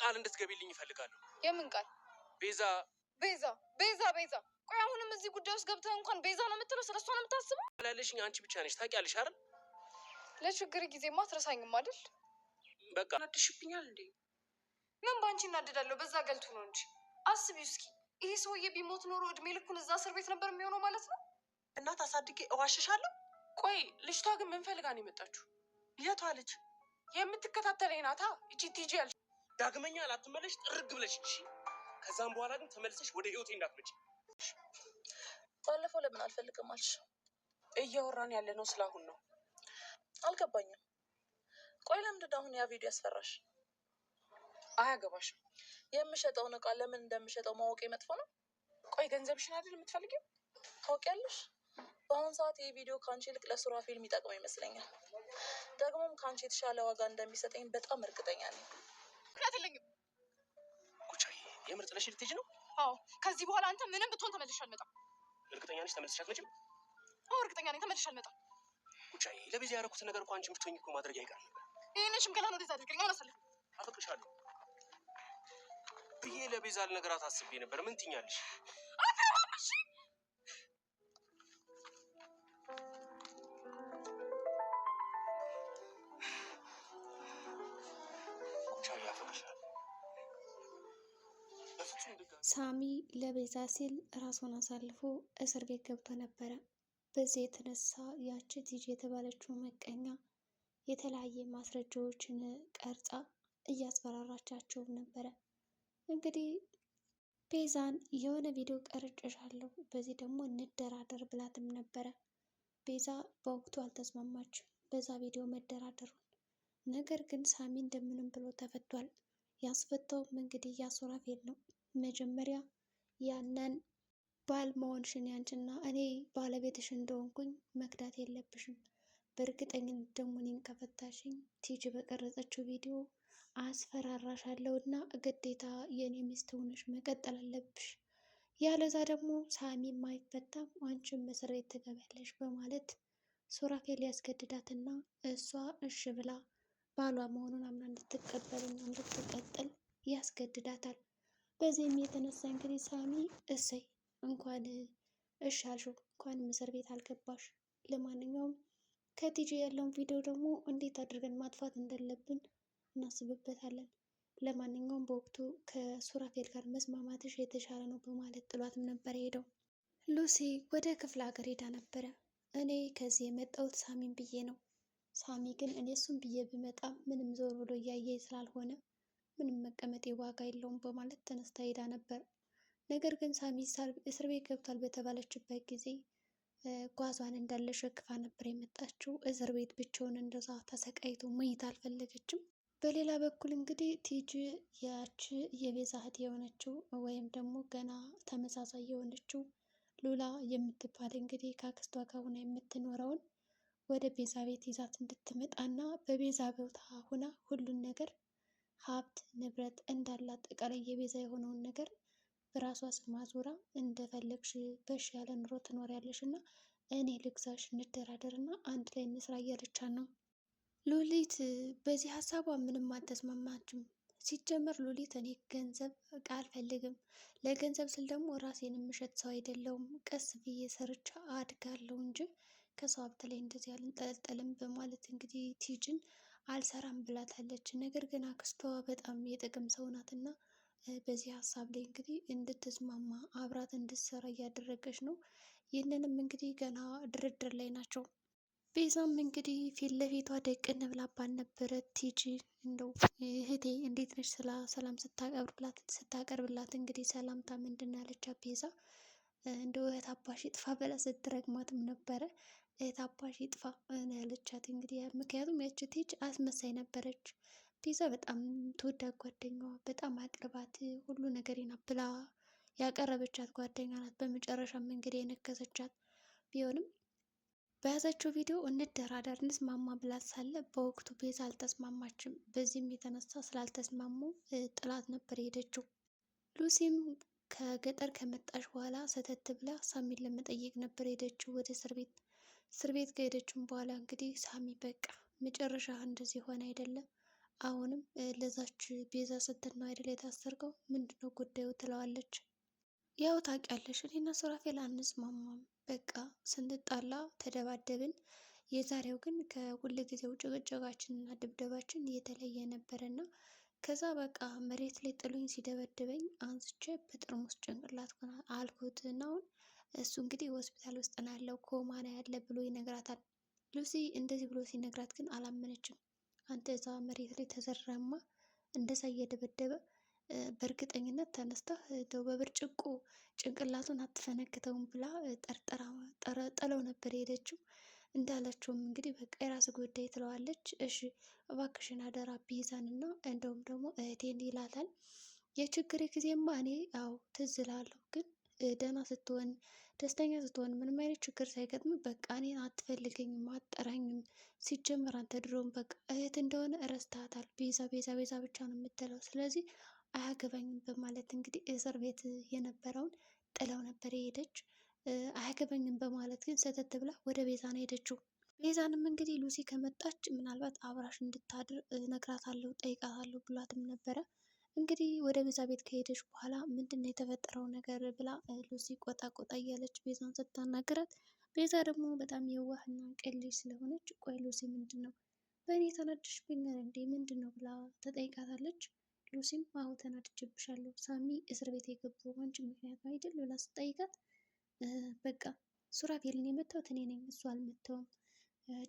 ቃል እንድትገቢልኝ ይፈልጋለሁ። የምን ቃል? ቤዛ ቤዛ ቤዛ ቤዛ። ቆይ አሁንም እዚህ ጉዳይ ውስጥ ገብተህ እንኳን ቤዛ ነው የምትለው? ስለሷ ነው የምታስበው? ላለሽኝ አንቺ ብቻ ነሽ ታውቂያለሽ አይደል? ለችግር ጊዜ ማትረሳኝም አይደል? በቃ ናድሽብኛል እንዴ? ምን በአንቺ እናደዳለሁ? በዛ ገልቱ ነው እንጂ አስቢው እስኪ። ይሄ ሰውዬ ቢሞት ኖሮ እድሜ ልኩን እዛ እስር ቤት ነበር የሚሆነው ማለት ነው። እናት አሳድጌ እዋሸሻለሁ። ቆይ ልጅቷ ግን ምን ፈልጋ ነው የመጣችሁ? የቷ ልጅ? የምትከታተለኝ ናታ። እቺ ቲጂ ዳግመኛ ላትመለሽ ጥርግ ብለሽ እሺ። ከዛም በኋላ ግን ተመልሰሽ ወደ ህይወቴ እንዳትመጪ። ባለፈው ለምን አልፈልግም አልሽ? እያወራን ያለ ነው ስላሁን ነው። አልገባኝም። ቆይ ለምንድን አሁን ያ ቪዲዮ ያስፈራሽ? አያገባሽም። የምሸጠውን እቃ ለምን እንደምሸጠው ማወቅ መጥፎ ነው? ቆይ ገንዘብሽን አይደል የምትፈልጊው? ታውቂያለሽ፣ በአሁኑ ሰዓት ይህ ቪዲዮ ከአንቺ ይልቅ ለሱራ ፊልም ይጠቅመው ይመስለኛል። ደግሞም ከአንቺ የተሻለ ዋጋ እንደሚሰጠኝ በጣም እርግጠኛ ነኝ። የምር ጥለሽ ልትሄጂ ነው? አዎ። ከዚህ በኋላ አንተ ምንም ብትሆን ተመልሼ አልመጣም። እርግጠኛ ነሽ? ተመልሼ አትመጪም? አዎ፣ እርግጠኛ ነኝ። ተመልሼ አልመጣም። ጉቻዬ፣ ለቤዛ ያደረኩትን ነገር እኮ አንቺ ብትሆኝ እኮ ማድረግ አይቀርም ነበር። ይህንን ሽምገላ ነው ወደዛ አድርገኝ። አሁን አሳልፍ አፈቅርሻለሁ ብዬ ለቤዛ ልነግራት አስቤ ነበር። ምን ትኛለሽ? ሳሚ ለቤዛ ሲል ራሱን አሳልፎ እስር ቤት ገብቶ ነበረ። በዚህ የተነሳ ያቺ ቲጂ የተባለችው መቀኛ የተለያየ ማስረጃዎችን ቀርጻ እያስፈራራቻቸው ነበረ። እንግዲህ ቤዛን የሆነ ቪዲዮ ቀርጬሻለሁ፣ በዚህ ደግሞ እንደራደር ብላትም ነበረ። ቤዛ በወቅቱ አልተስማማችም በዛ ቪዲዮ መደራደሩን። ነገር ግን ሳሚ እንደምንም ብሎ ተፈቷል። ያስፈታውም እንግዲህ ያ ሱራፌል ነው። መጀመሪያ ያንን ባል መሆንሽን ያንቺና እኔ ባለቤትሽ እንደሆንኩኝ መክዳት የለብሽም። በእርግጠኝነት ደግሞ እኔን ከፈታሽኝ ቲጂ በቀረጸችው ቪዲዮ አስፈራራሻለሁ እና ግዴታ የእኔ ሚስት ሆነሽ መቀጠል አለብሽ። ያለዛ ደግሞ ሳሚም አይፈታም፣ አንቺን እስር ቤት ትገቢያለሽ በማለት ሱራፌል ያስገድዳትና እሷ እሽ ብላ ባሏ መሆኑን አምና እንድትቀበልና እንድትቀጥል ያስገድዳታል። በዚህም የተነሳ እንግዲህ ሳሚ እሰይ እንኳን እሺ አልሽው እንኳን እስር ቤት አልገባሽ። ለማንኛውም ከቲጂ ያለውን ቪዲዮ ደግሞ እንዴት አድርገን ማጥፋት እንዳለብን እናስብበታለን። ለማንኛውም በወቅቱ ከሱራፌል ጋር መስማማትሽ የተሻለ ነው በማለት ጥሏትም ነበር የሄደው። ሉሲ ወደ ክፍለ ሀገር ሄዳ ነበረ። እኔ ከዚህ የመጣሁት ሳሚን ብዬ ነው። ሳሚ ግን እኔ እሱን ብዬ ብመጣ ምንም ዞር ብሎ እያየ ስላልሆነ ምንም መቀመጤ ዋጋ የለውም በማለት ተነስታ ሄዳ ነበር። ነገር ግን ሳሚ እስር ቤት ገብቷል በተባለችበት ጊዜ ጓዟን እንዳለ ሸክፋ ነበር የመጣችው። እስር ቤት ብቻውን እንደዛ ተሰቃይቶ መኝታ አልፈለገችም። በሌላ በኩል እንግዲህ ቲጂ ያቺ የቤዛ እህት የሆነችው ወይም ደግሞ ገና ተመሳሳይ የሆነችው ሉላ የምትባል እንግዲህ ከአክስቷ ጋር ሆና የምትኖረውን ወደ ቤዛ ቤት ይዛት እንድትመጣ እና በቤዛ ቦታ ሆና ሁሉን ነገር ሀብት ንብረት እንዳለ አጠቃላይ የቤዛ የሆነውን ነገር በራሷ ስም አዙራ እንደፈለግሽ በሽ ያለ ኑሮ ትኖሪያለሽ እና እኔ ልግዛሽ እንደራደር እና አንድ ላይ እንስራ እያለቻ ነው። ሉሊት በዚህ ሀሳቧ ምንም አልተስማማችም። ሲጀመር ሉሊት እኔ ገንዘብ እቃ አልፈልግም፣ ለገንዘብ ስል ደግሞ ራሴን የምሸጥ ሰው አይደለውም። ቀስ ብዬ ሰርቻ አድጋለሁ እንጂ ከሰው ሀብት ላይ እንደዚህ አልንጠለጠልም በማለት እንግዲህ ቲጅን አልሰራም ብላታለች። ነገር ግን አክስቷ በጣም የጥቅም ሰው ናት እና በዚህ ሀሳብ ላይ እንግዲህ እንድትስማማ አብራት እንድትሰራ እያደረገች ነው። ይህንንም እንግዲህ ገና ድርድር ላይ ናቸው። ቤዛም እንግዲህ ፊት ለፊቷ ደቅን ብላ ነበረ። ቲጂ እንደው እህቴ እንዴት ነች ስላ ሰላም ስታቀርብላት እንግዲህ ሰላምታ ምንድን አለቻት ቤዛ እንደው እህት አባሽ ጥፋ በላ ስትረግማትም ነበረ። አባሽ ይጥፋ ነው ያለቻት። እንግዲህ ምክንያቱም ያቺ ልጅ አስመሳይ ነበረች። ቤዛ በጣም ትወዳት ጓደኛዋ፣ በጣም አቅርባት ሁሉ ነገሬን ብላ ያቀረበቻት ጓደኛ ናት። በመጨረሻም እንግዲህ የነከሰቻት ቢሆንም በያዛቸው ቪዲዮ እንደራዳር እንስማማ ብላት ሳለ በወቅቱ ቤዛ አልተስማማችም። በዚህም የተነሳ ስላልተስማሙ ጥላት ነበር የሄደችው። ሉሲም ከገጠር ከመጣች በኋላ ሰተት ብላ ሳሚን ለመጠየቅ ነበር የሄደችው ወደ እስር ቤት። እስር ቤት ከሄደችም በኋላ እንግዲህ ሳሚ በቃ መጨረሻ እንደዚህ ሆነ አይደለም። አሁንም ለዛች ቤዛ ስትል ነው አይደል የታሰርከው? ምንድነው ጉዳዩ ትለዋለች። ያው ታውቂያለሽ እኔና ሱራፌል አንስማማም። በቃ ስንጣላ ተደባደብን። የዛሬው ግን ከሁል ጊዜው ጭቅጭቃችን እና ድብደባችን እየተለየ ነበር እና ከዛ በቃ መሬት ላይ ጥሎኝ ሲደበድበኝ አንስቼ በጠርሙስ ጭንቅላት አልኩት እና አሁን እሱ እንግዲህ ሆስፒታል ውስጥ ነው ያለው፣ ኮማ ነው ያለ ብሎ ይነግራታል። ሉሲ እንደዚህ ብሎ ሲነግራት ግን አላመነችም። አንተ እዛ መሬት ላይ ተዘረማ እንደዛ እየደበደበ በእርግጠኝነት ተነስታ ደው በብርጭቆ ጭንቅላቱን አትፈነክተውም ብላ ጠርጠራ ጠረጠረው ነበር የሄደችው። እንዳለችውም እንግዲህ በቃ የራስ ጉዳይ ትለዋለች። እሺ እባክሽን አደራ ቢይዛን እና እንደውም ደግሞ እህቴን ይላታል። የችግር ጊዜማ እኔ ያው ትዝ እላለሁ ግን ደህና ስትሆን ደስተኛ ስትሆን ምንም አይነት ችግር ሳይገጥም በቃ እኔን አትፈልገኝም፣ አጠራኝም ሲጀመር አንተ ድሮም በቃ እህት እንደሆነ እረስታታል። ቤዛ ቤዛ ቤዛ ብቻ ነው የምትለው። ስለዚህ አያገባኝም በማለት እንግዲህ እስር ቤት የነበረውን ጥለው ነበር የሄደች። አያገባኝም በማለት ግን ሰተት ብላ ወደ ቤዛ ነው ሄደችው። ቤዛንም እንግዲህ ሉሲ ከመጣች ምናልባት አብራሽ እንድታድር ነግራታለሁ፣ ጠይቃታለሁ ብሏትም ነበረ። እንግዲህ ወደ ቤዛ ቤት ከሄደች በኋላ ምንድን ነው የተፈጠረው ነገር ብላ ሉሲ ቆጣ ቆጣ እያለች ቤዛን ስታናግራት፣ ቤዛ ደግሞ በጣም የዋህና ቀልጅ ስለሆነች ቆይ ሉሲ ምንድን ነው በእኔ ተናደሽብኛል እንዴ ምንድን ነው ብላ ተጠይቃታለች። ሉሲም አዎ ተናድጄብሻለሁ፣ ሳሚ እስር ቤት የገባው አንቺ ምክንያት አይደል ብላ ስጠይቃት፣ በቃ ሱራፌልን የመታሁት እኔ ነኝ እሱ አልመታውም፣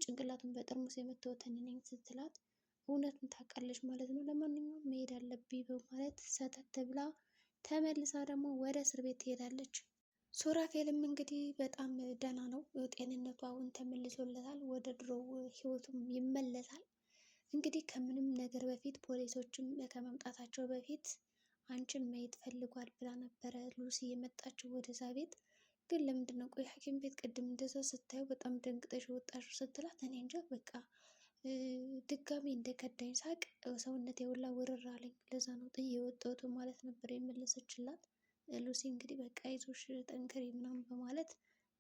ጭንቅላቱን በጠርሙስ የመታሁት እኔ ነኝ ስትላት እውነቱን ታውቃለች ማለት ነው። ለማንኛውም መሄድ አለብኝ በማለት ሰተት ብላ ተመልሳ ደግሞ ወደ እስር ቤት ትሄዳለች። ሱራፌልም እንግዲህ በጣም ደህና ነው፣ ጤንነቱ አሁን ተመልሶለታል፣ ወደ ድሮ ህይወቱም ይመለሳል። እንግዲህ ከምንም ነገር በፊት ፖሊሶችም ከመምጣታቸው በፊት አንቺን ማየት ፈልጓል ብላ ነበረ ሉሲ የመጣችው ወደዛ ቤት። ግን ለምንድን ነው ቆይ ሐኪም ቤት ቅድም እንደዛ ስታዩ በጣም ደንግጠሽ ወጣሽ ስትላት እኔ እንጃ በቃ ድጋሚ እንደከዳኝ ሳቅ ሰውነት የውላ ውርር አለኝ። ለዛ ነው ጥዬ የወጣሁት ማለት ነበር የመለሰችላት ሉሲ። እንግዲህ በቃ ይዞሽ ጠንክሬ ምናምን በማለት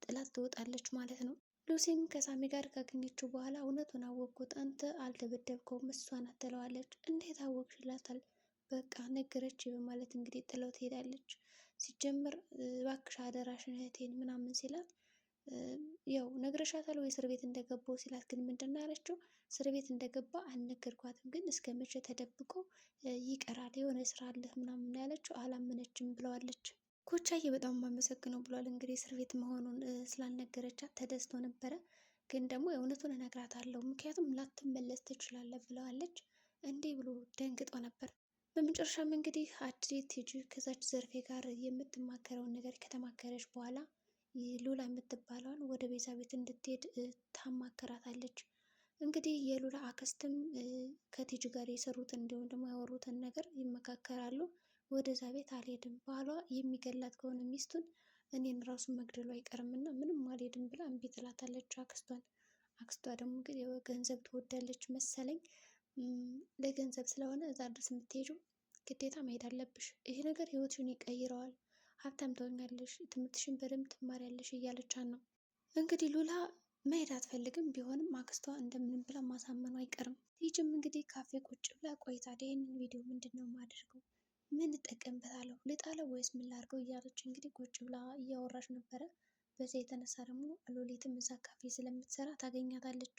ጥላት ትወጣለች ማለት ነው። ሉሲም ከሳሚ ጋር ካገኘችው በኋላ እውነቱን አወቅኩት፣ አንተ አልደበደብከውም እሷ ናት ትለዋለች። እንዴት አወቅሽ ይላታል። በቃ ነገረች በማለት እንግዲህ ጥለው ትሄዳለች። ሲጀምር እባክሽ አደራሽን እህቴን ምናምን ሲላት ያው ነግረሻታል ወይ እስር ቤት እንደገባው ሲላት፣ ግን ምንድን ነው ያለችው? እስር ቤት እንደገባ አልነገርኳትም፣ ግን እስከ መቼ ተደብቆ ይቀራል? የሆነ ስራ አለህ ምናምን ያለችው፣ አላመነችም ብለዋለች። ኮቻዬ በጣም ማመሰግነው ብሏል። እንግዲህ እስር ቤት መሆኑን ስላልነገረቻት ተደስቶ ነበረ፣ ግን ደግሞ የእውነቱን እነግራታለሁ፣ ምክንያቱም ላትመለስ ትችላለህ ብለዋለች። እንዴ ብሎ ደንግጦ ነበር። በመጨረሻም እንግዲህ አትሌት ቲጂ ከዛች ዘርፌ ጋር የምትማከረውን ነገር ከተማከረች በኋላ ሉላ የምትባለውን ወደ ቤዛ ቤት እንድትሄድ ታማከራታለች። እንግዲህ የሉላ አክስትም ከቲጅ ጋር የሰሩትን እንዲሁም ደግሞ ያወሩትን ነገር ይመካከራሉ። ወደዛ ቤት አልሄድም፣ ባሏ የሚገላት ከሆነ ሚስቱን እኔን ራሱ መግደሉ አይቀርምና ምንም አልሄድም ብላ እምቢ ትላታለች አክስቷን። አክስቷ ደግሞ እንግዲህ ገንዘብ ትወዳለች መሰለኝ። ለገንዘብ ስለሆነ እዛ ድረስ የምትሄጂው ግዴታ መሄድ አለብሽ፣ ይሄ ነገር ህይወትሽን ይቀይረዋል ሀብታም ትሆኛለሽ፣ ትምህርትሽን በደንብ ትማሪያለሽ እያለቻት ነው። እንግዲህ ሉላ መሄድ አትፈልግም። ቢሆንም አክስቷ እንደምንም ብላ ማሳመኑ አይቀርም። ይህችም እንግዲህ ካፌ ቁጭ ብላ ቆይታ ይህንን ቪዲዮ ምንድን ነው የማደርገው? ምን እጠቀምበታለሁ? ልጣለው ወይስ ምን ላድርገው? እያለች እንግዲህ ቁጭ ብላ እያወራች ነበረ። በዚያ የተነሳ ደግሞ ሎሌትም እዛ ካፌ ስለምትሰራ ታገኛታለች።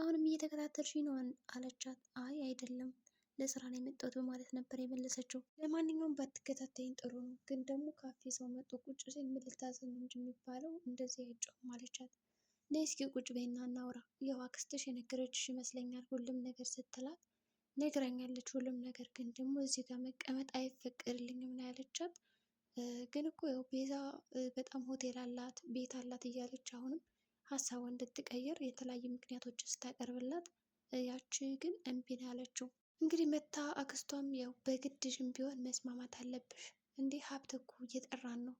አሁንም እየተከታተልሽ ነው አለቻት። አይ አይደለም ለስራ ነው የመጣሁት በማለት ነበር የመለሰችው። ለማንኛውም ባትከታተይኝ ጥሩ ነው፣ ግን ደግሞ ካፌ ሰው መጥቶ ቁጭ ሲል ምን ልታዘኝ እንጂ የሚባለው እንደዚህ አይጮህም አለቻት። ነይ እስኪ ቁጭ በይና እናውራ፣ ያው አክስትሽ የነገረችሽ ይመስለኛል ሁሉም ነገር ስትላት ነግራኛለች ሁሉም ነገር፣ ግን ደግሞ እዚህ ጋር መቀመጥ አይፈቀድልኝም ነው ያለቻት። ግን እኮ ያው ቤዛ በጣም ሆቴል አላት ቤት አላት እያለች አሁንም ሀሳቧ እንድትቀይር የተለያዩ ምክንያቶች ስታቀርብላት ያቺ ግን እምቢ ነው ያለችው። እንግዲህ መታ አክስቷም ያው በግድሽም ቢሆን መስማማት አለብሽ። እንዲህ ሀብት እኮ እየጠራን ነው።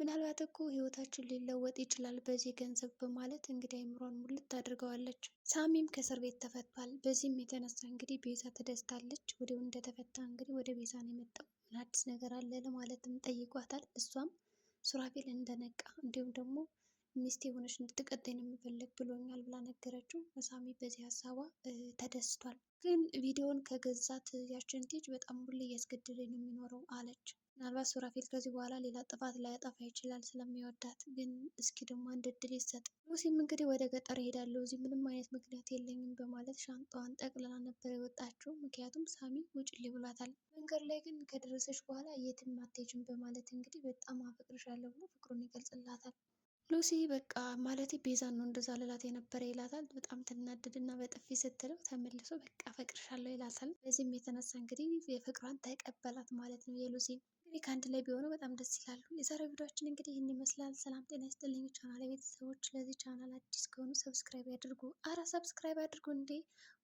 ምናልባት እኮ ህይወታችን ሊለወጥ ይችላል በዚህ ገንዘብ በማለት እንግዲህ አይምሯን ሙልት አድርገዋለች። ሳሚም ከእስር ቤት ተፈቷል። በዚህም የተነሳ እንግዲህ ቤዛ ተደስታለች። ወዲያው እንደተፈታ እንግዲህ ወደ ቤዛ ነው የመጣው። ምን አዲስ ነገር አለ ለማለትም ጠይቋታል። እሷም ሱራፌል እንደነቃ እንዲሁም ደግሞ ሚስቴ የሆነች እንድትቀጠኝ ነው የምፈልግ ብሎኛል ብላ ነገረችው። ሳሚ በዚህ ሀሳቧ ተደስቷል። ግን ቪዲዮውን ከገዛት ያችን ልጅ በጣም ሁሌ እያስገደደ ነው የሚኖረው አለች። ምናልባት ሱራፌል ከዚህ በኋላ ሌላ ጥፋት ላያጠፋ ይችላል ስለሚወዳት፣ ግን እስኪ ደግሞ አንድ እድል ይሰጥ። ሙሴም እንግዲህ ወደ ገጠር እሄዳለሁ እዚህ ምንም አይነት ምክንያት የለኝም በማለት ሻንጣዋን ጠቅልላ ነበር የወጣችው። ምክንያቱም ሳሚ ውጭልኝ ብሏታል። መንገድ ላይ ግን ከደረሰች በኋላ የትም አትሄጂም በማለት እንግዲህ በጣም አፈቅርሻለሁ ብሎ ፍቅሩን ይገልጽላታል። ሉሲ በቃ ማለት ቤዛን ነው እንደዛ ልላት የነበረ ይላታል። በጣም ትናደድ እና በጥፊ ስትለው ተመልሶ በቃ ፈቅርሻለሁ ይላታል። በዚህም የተነሳ እንግዲህ የፍቅሯን ተቀበላት ማለት ነው። የሉሲ እንግዲህ ከአንድ ላይ ቢሆኑ በጣም ደስ ይላሉ። የዛሬ ቪዲዮችን እንግዲህ ይህን ይመስላል። ሰላም ጤና ይስጥልኝ ቻናል ቤተሰቦች። ለዚህ ቻናል አዲስ ከሆኑ ሰብስክራይብ ያድርጉ። አረ ሰብስክራይብ አድርጉ እንዴ!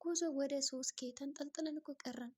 ጉዞ ወደ ሶስት ኬ ተንጠልጥለን እኮ ቀረን።